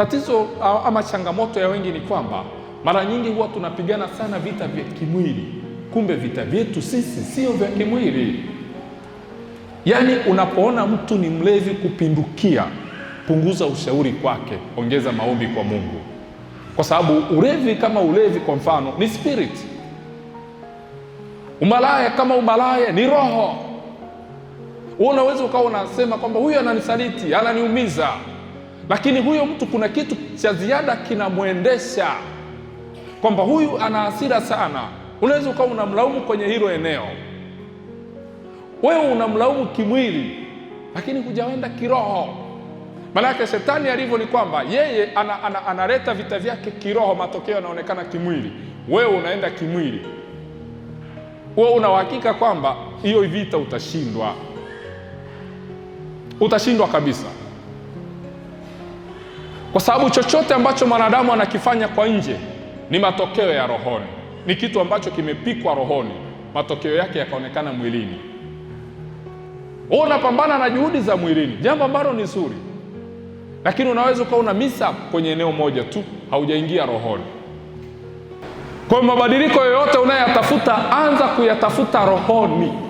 Tatizo ama changamoto ya wengi ni kwamba mara nyingi huwa tunapigana sana vita vya kimwili, kumbe vita vyetu sisi sio vya kimwili. Yaani, unapoona mtu ni mlevi kupindukia, punguza ushauri kwake, ongeza maombi kwa Mungu, kwa sababu ulevi kama ulevi, kwa mfano, ni spirit. Umalaya kama umalaya ni roho. Wewe unaweza ukawa unasema kwamba huyu ananisaliti, ananiumiza lakini huyo mtu kuna kitu cha ziada kinamwendesha kwamba huyu ana hasira sana. Unaweza ukawa unamlaumu kwenye hilo eneo, wewe unamlaumu kimwili, lakini hujaenda kiroho. Maana yake shetani alivyo ni kwamba yeye ana, ana, analeta vita vyake kiroho, matokeo yanaonekana kimwili, wewe unaenda kimwili, wewe unauhakika kwamba hiyo vita utashindwa, utashindwa kabisa kwa sababu chochote ambacho mwanadamu anakifanya kwa nje ni matokeo ya rohoni, ni kitu ambacho kimepikwa rohoni, matokeo yake yakaonekana mwilini. Wewe unapambana na juhudi za mwilini, jambo ambalo ni zuri, lakini unaweza ukawa una misa kwenye eneo moja tu, haujaingia rohoni. Kwa mabadiliko yoyote unayoyatafuta, anza kuyatafuta rohoni.